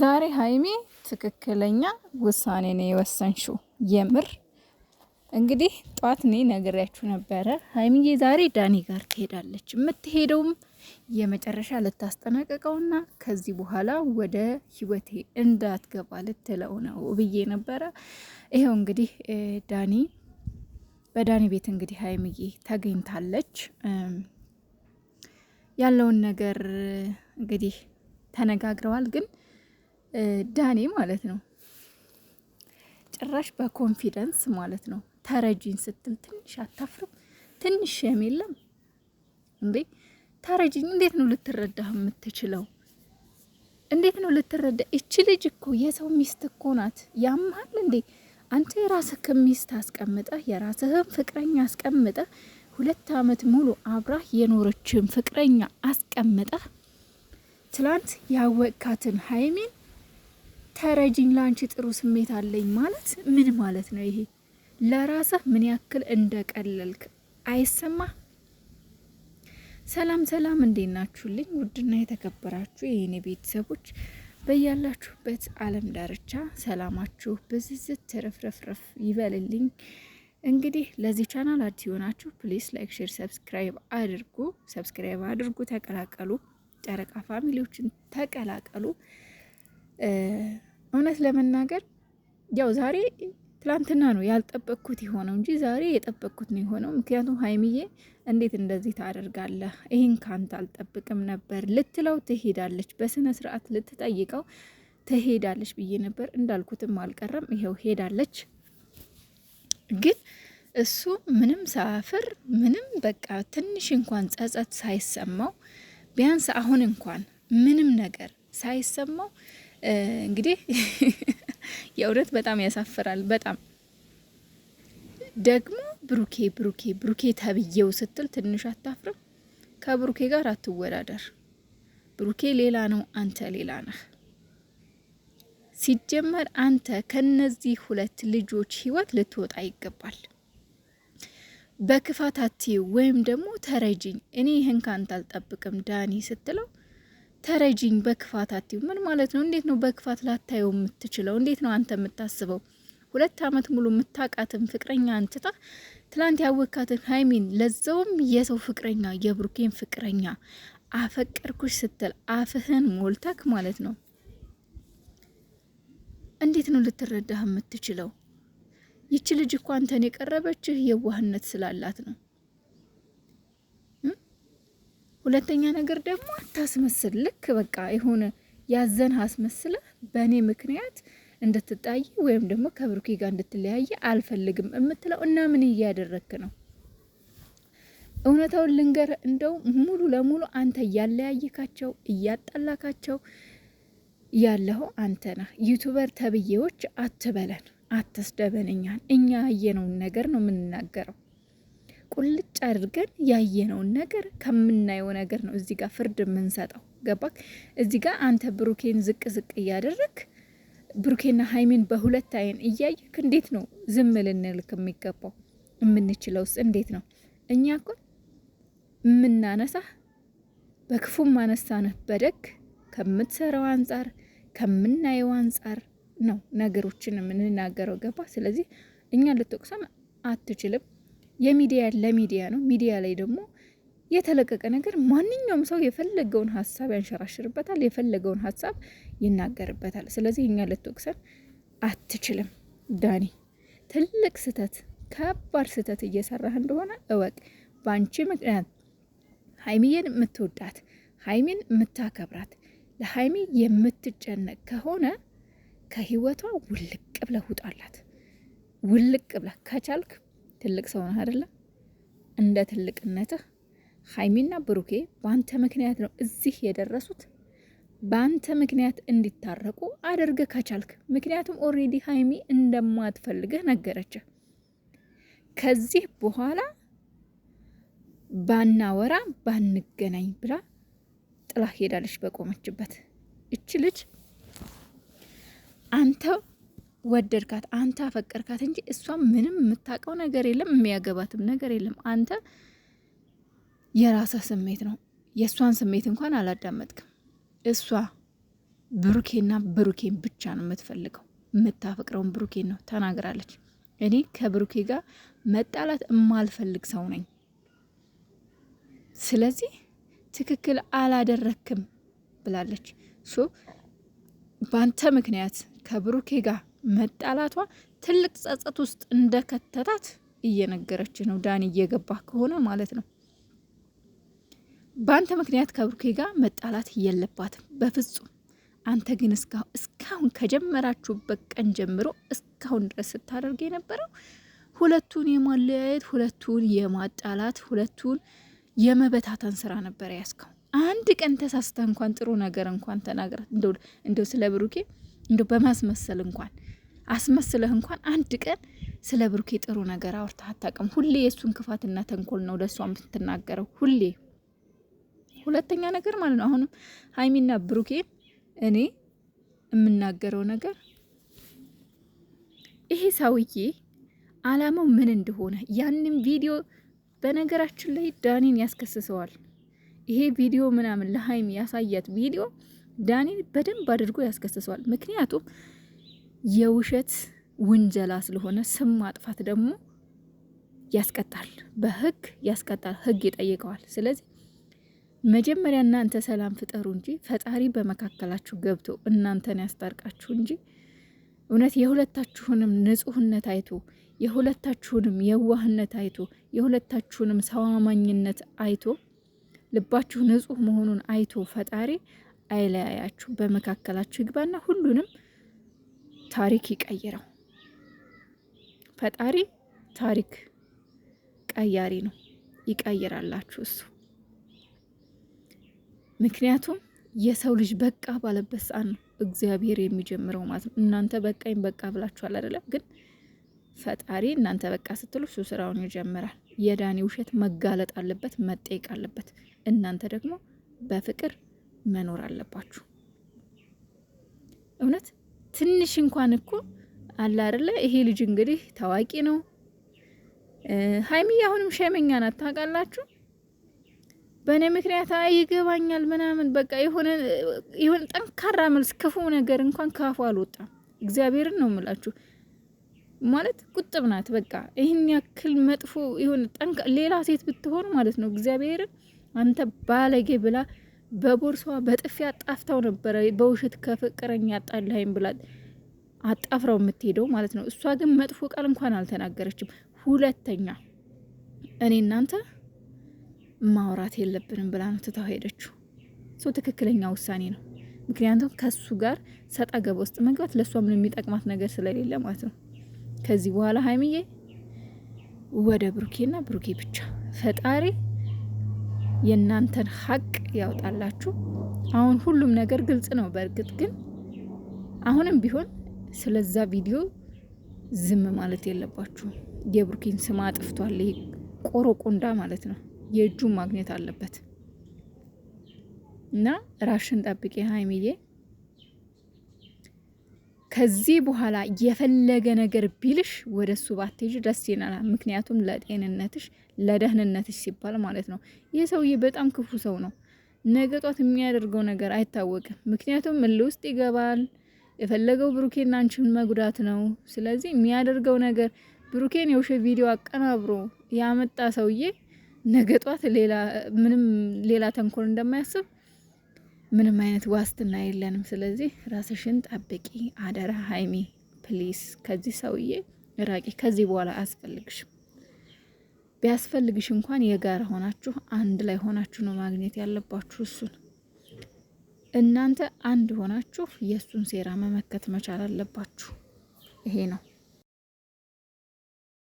ዛሬ ሀይሚ ትክክለኛ ውሳኔ ነው የወሰንሽው። የምር እንግዲህ ጠዋት እኔ ነግሬያችሁ ነበረ። ሀይሚዬ ዛሬ ዳኒ ጋር ትሄዳለች። የምትሄደውም የመጨረሻ ልታስጠናቀቀውና ከዚህ በኋላ ወደ ህይወቴ እንዳትገባ ልትለው ነው ብዬ ነበረ። ይኸው እንግዲህ ዳኒ በዳኒ ቤት እንግዲህ ሀይሚዬ ተገኝታለች። ያለውን ነገር እንግዲህ ተነጋግረዋል ግን ዳኔ ማለት ነው። ጭራሽ በኮንፊደንስ ማለት ነው ተረጂን ስትል ትንሽ አታፍርም? ትንሽ ሸም የለም እንዴ? ተረጂኝ እንዴት ነው ልትረዳህ የምትችለው? እንዴት ነው ልትረዳ? እቺ ልጅ እኮ የሰው ሚስት እኮ ናት። ያምሃል እንዴ? አንተ የራስህ ሚስት አስቀምጠህ የራስህን ፍቅረኛ አስቀምጠህ ሁለት አመት ሙሉ አብራህ የኖረችን ፍቅረኛ አስቀምጠህ ትላንት ያወቅካትን ሀይሚን ተረጅኝ ለአንቺ ጥሩ ስሜት አለኝ ማለት ምን ማለት ነው? ይሄ ለራስህ ምን ያክል እንደቀለልክ አይሰማ? ሰላም ሰላም፣ እንዴት ናችሁልኝ? ውድና የተከበራችሁ የእኔ ቤተሰቦች በያላችሁበት ዓለም ዳርቻ ሰላማችሁ ብዝዝት ትረፍረፍረፍ ይበልልኝ። እንግዲህ ለዚህ ቻናል አዲስ የሆናችሁ ፕሊስ ላይክ፣ ሼር፣ ሰብስክራይብ አድርጉ። ሰብስክራይብ አድርጉ፣ ተቀላቀሉ። ጨረቃ ፋሚሊዎችን ተቀላቀሉ። እውነት ለመናገር ያው ዛሬ ትላንትና ነው ያልጠበቅኩት የሆነው እንጂ ዛሬ የጠበቅኩት ነው የሆነው። ምክንያቱም ሀይሚዬ እንዴት እንደዚህ ታደርጋለህ? ይህን ካንተ አልጠብቅም ነበር ልትለው ትሄዳለች። በስነ ስርዓት ልትጠይቀው ትሄዳለች ብዬ ነበር። እንዳልኩትም አልቀረም፣ ይኸው ሄዳለች። ግን እሱ ምንም ሳያፍር ምንም በቃ ትንሽ እንኳን ጸጸት ሳይሰማው ቢያንስ አሁን እንኳን ምንም ነገር ሳይሰማው እንግዲህ የእውነት በጣም ያሳፍራል። በጣም ደግሞ ብሩኬ ብሩኬ ብሩኬ ተብዬው ስትል ትንሽ አታፍርም? ከብሩኬ ጋር አትወዳደር። ብሩኬ ሌላ ነው፣ አንተ ሌላ ነህ። ሲጀመር አንተ ከነዚህ ሁለት ልጆች ህይወት ልትወጣ ይገባል። በክፋት አትዩ፣ ወይም ደግሞ ተረጅኝ እኔ ይህን ካንተ አልጠብቅም ዳኒ ስትለው ተረጂኝ በክፋት አትዩ። ምን ማለት ነው? እንዴት ነው በክፋት ላታየው የምትችለው? እንዴት ነው አንተ የምታስበው? ሁለት አመት ሙሉ የምታውቃትን ፍቅረኛ አንትታ ትላንት ያወካትን ሀይሚን ለዛውም የሰው ፍቅረኛ የብሩኬን ፍቅረኛ አፈቀርኩሽ ስትል አፍህን ሞልተክ ማለት ነው። እንዴት ነው ልትረዳህ የምትችለው? ይቺ ልጅ እኮ አንተን የቀረበችህ የዋህነት ስላላት ነው። ሁለተኛ ነገር ደግሞ አታስመስል። ልክ በቃ የሆነ ያዘን አስመስለ በእኔ ምክንያት እንድትጣይ ወይም ደግሞ ከብሩኪ ጋር እንድትለያየ አልፈልግም የምትለው እና ምን እያደረግክ ነው? እውነታውን ልንገር፣ እንደው ሙሉ ለሙሉ አንተ እያለያየካቸው እያጣላካቸው ያለው አንተ ነህ። ዩቱበር ተብዬዎች አትበለን፣ አትስደበን። እኛን እኛ ያየነውን ነገር ነው የምንናገረው። ቁልጭ አድርገን ያየነውን ነገር ከምናየው ነገር ነው እዚህ ጋር ፍርድ የምንሰጠው። ገባክ? እዚህ ጋር አንተ ብሩኬን ዝቅ ዝቅ እያደረግ ብሩኬና ሀይሚን በሁለት አይን እያየክ እንዴት ነው ዝም ልንልክ የሚገባው? የምንችለውስ እንዴት ነው? እኛ እኮ የምናነሳ በክፉም አነሳንህ በደግ ከምትሰራው አንጻር ከምናየው አንጻር ነው ነገሮችን የምንናገረው። ገባ? ስለዚህ እኛ ልትወቅሰም አትችልም። የሚዲያ ለሚዲያ ነው። ሚዲያ ላይ ደግሞ የተለቀቀ ነገር ማንኛውም ሰው የፈለገውን ሀሳብ ያንሸራሽርበታል፣ የፈለገውን ሀሳብ ይናገርበታል። ስለዚህ እኛ ልትወቅሰን አትችልም ዳኒ። ትልቅ ስህተት፣ ከባድ ስህተት እየሰራህ እንደሆነ እወቅ። በአንቺ ምክንያት ሀይሚዬን የምትወዳት ሀይሚን የምታከብራት ለሀይሚ የምትጨነቅ ከሆነ ከህይወቷ ውልቅ ብለህ ውጣላት። ውልቅ ብለህ ከቻልክ ትልቅ ሰው ነህ አይደለም? እንደ ትልቅነትህ ሀይሚና ብሩኬ በአንተ ምክንያት ነው እዚህ የደረሱት። በአንተ ምክንያት እንዲታረቁ አድርገ ከቻልክ፣ ምክንያቱም ኦሬዲ ሀይሚ እንደማትፈልግህ ነገረችህ። ከዚህ በኋላ ባናወራ ባንገናኝ ብላ ጥላ ሄዳለች በቆመችበት። እች ልጅ አንተ ወደድካት አንተ አፈቀርካት እንጂ እሷ ምንም የምታውቀው ነገር የለም፣ የሚያገባትም ነገር የለም። አንተ የራሰ ስሜት ነው። የእሷን ስሜት እንኳን አላዳመጥክም። እሷ ብሩኬና ብሩኬን ብቻ ነው የምትፈልገው። የምታፈቅረውን ብሩኬን ነው ተናግራለች። እኔ ከብሩኬ ጋር መጣላት የማልፈልግ ሰው ነኝ። ስለዚህ ትክክል አላደረክም ብላለች። ሶ በአንተ ምክንያት ከብሩኬ ጋር መጣላቷ ትልቅ ጸጸት ውስጥ እንደከተታት እየነገረች ነው። ዳን እየገባ ከሆነ ማለት ነው። በአንተ ምክንያት ከብሩኬ ጋር መጣላት የለባትም በፍጹም። አንተ ግን እስካሁን ከጀመራችሁበት ቀን ጀምሮ እስካሁን ድረስ ስታደርግ የነበረው ሁለቱን የማለያየት፣ ሁለቱን የማጣላት፣ ሁለቱን የመበታተን ስራ ነበር ያስከው። አንድ ቀን ተሳስተ እንኳን ጥሩ ነገር እንኳን ተናግራት እንደው ስለ ብሩኬ እንደው በማስመሰል እንኳን አስመስለህ እንኳን አንድ ቀን ስለ ብሩኬ ጥሩ ነገር አውርታ አታውቅም። ሁሌ የእሱን ክፋትና ተንኮል ነው ለእሷ የምትናገረው ሁሌ። ሁለተኛ ነገር ማለት ነው አሁንም ሀይሚና ብሩኬ እኔ የምናገረው ነገር ይሄ ሰውዬ አላማው ምን እንደሆነ ያንን ቪዲዮ በነገራችን ላይ ዳኒን ያስከስሰዋል። ይሄ ቪዲዮ ምናምን ለሀይሚ ያሳያት ቪዲዮ ዳኒን በደንብ አድርጎ ያስከስሰዋል። ምክንያቱም የውሸት ውንጀላ ስለሆነ ስም ማጥፋት ደግሞ ያስቀጣል፣ በህግ ያስቀጣል፣ ህግ ይጠይቀዋል። ስለዚህ መጀመሪያ እናንተ ሰላም ፍጠሩ እንጂ ፈጣሪ በመካከላችሁ ገብቶ እናንተን ያስታርቃችሁ እንጂ እውነት የሁለታችሁንም ንጹህነት አይቶ የሁለታችሁንም የዋህነት አይቶ የሁለታችሁንም ሰው አማኝነት አይቶ ልባችሁ ንጹህ መሆኑን አይቶ ፈጣሪ አይለያያችሁ፣ በመካከላችሁ ይግባና ሁሉንም ታሪክ ይቀይረው። ፈጣሪ ታሪክ ቀያሪ ነው፣ ይቀይራላችሁ እሱ። ምክንያቱም የሰው ልጅ በቃ ባለበት ሰዓት ነው እግዚአብሔር የሚጀምረው ማለት ነው። እናንተ በቃኝ በቃ ብላችኋል አይደለም? ግን ፈጣሪ እናንተ በቃ ስትሉ እሱ ስራውን ይጀምራል። የዳኒ ውሸት መጋለጥ አለበት፣ መጠየቅ አለበት። እናንተ ደግሞ በፍቅር መኖር አለባችሁ እውነት ትንሽ እንኳን እኮ አለ አይደለ? ይሄ ልጅ እንግዲህ ታዋቂ ነው። ሀይሚ አሁንም ሸመኛ ናት ታውቃላችሁ። በእኔ ምክንያት ይገባኛል ምናምን በቃ የሆነ የሆነ ጠንካራ መልስ ክፉ ነገር እንኳን ካፉ አልወጣም። እግዚአብሔርን ነው የምላችሁ። ማለት ቁጥብ ናት። በቃ ይህን ያክል መጥፎ የሆነ ሌላ ሴት ብትሆን ማለት ነው እግዚአብሔርን አንተ ባለጌ ብላ በቦርሷ በጥፊ አጣፍታው ነበረ። በውሸት ከፍቅረኛ አጣላይም ብላት አጣፍራው የምትሄደው ማለት ነው። እሷ ግን መጥፎ ቃል እንኳን አልተናገረችም። ሁለተኛ እኔ እናንተ ማውራት የለብንም ብላ ነው ትታው ሄደችው። ሰው ትክክለኛ ውሳኔ ነው። ምክንያቱም ከሱ ጋር ሰጣ ውስጥ መግባት ለእሷ ምን የሚጠቅማት ነገር ስለሌለ ማለት ነው። ከዚህ በኋላ ሀይምዬ ወደ ብሩኬና ብሩኬ ብቻ ፈጣሪ የእናንተን ሀቅ ያውጣላችሁ። አሁን ሁሉም ነገር ግልጽ ነው። በእርግጥ ግን አሁንም ቢሆን ስለዛ ቪዲዮ ዝም ማለት የለባችሁ። የብሩኪን ስም አጥፍቷል። ይሄ ቆሮቆንዳ ማለት ነው። የእጁን ማግኘት አለበት እና ራሽን ጠብቄ ሀይሚዬ። ከዚህ በኋላ የፈለገ ነገር ቢልሽ ወደ እሱ ባትሄጂ ደስ ይለናል። ምክንያቱም ለጤንነትሽ ለደህንነትሽ ሲባል ማለት ነው። ይህ ሰውዬ በጣም ክፉ ሰው ነው። ነገ ጧት የሚያደርገው ነገር አይታወቅም። ምክንያቱም እል ውስጥ ይገባል። የፈለገው ብሩኬና አንቺን መጉዳት ነው። ስለዚህ የሚያደርገው ነገር ብሩኬን የውሸ ቪዲዮ አቀናብሮ ያመጣ ሰውዬ ነገ ጧት ሌላ ምንም ሌላ ተንኮል እንደማያስብ ምንም አይነት ዋስትና የለንም። ስለዚህ ራስሽን ጠብቂ አደራ ሀይሚ ፕሊስ። ከዚህ ሰውዬ ራቂ። ከዚህ በኋላ አያስፈልግሽም። ቢያስፈልግሽ እንኳን የጋራ ሆናችሁ አንድ ላይ ሆናችሁ ነው ማግኘት ያለባችሁ እሱን። እናንተ አንድ ሆናችሁ የእሱን ሴራ መመከት መቻል አለባችሁ። ይሄ ነው።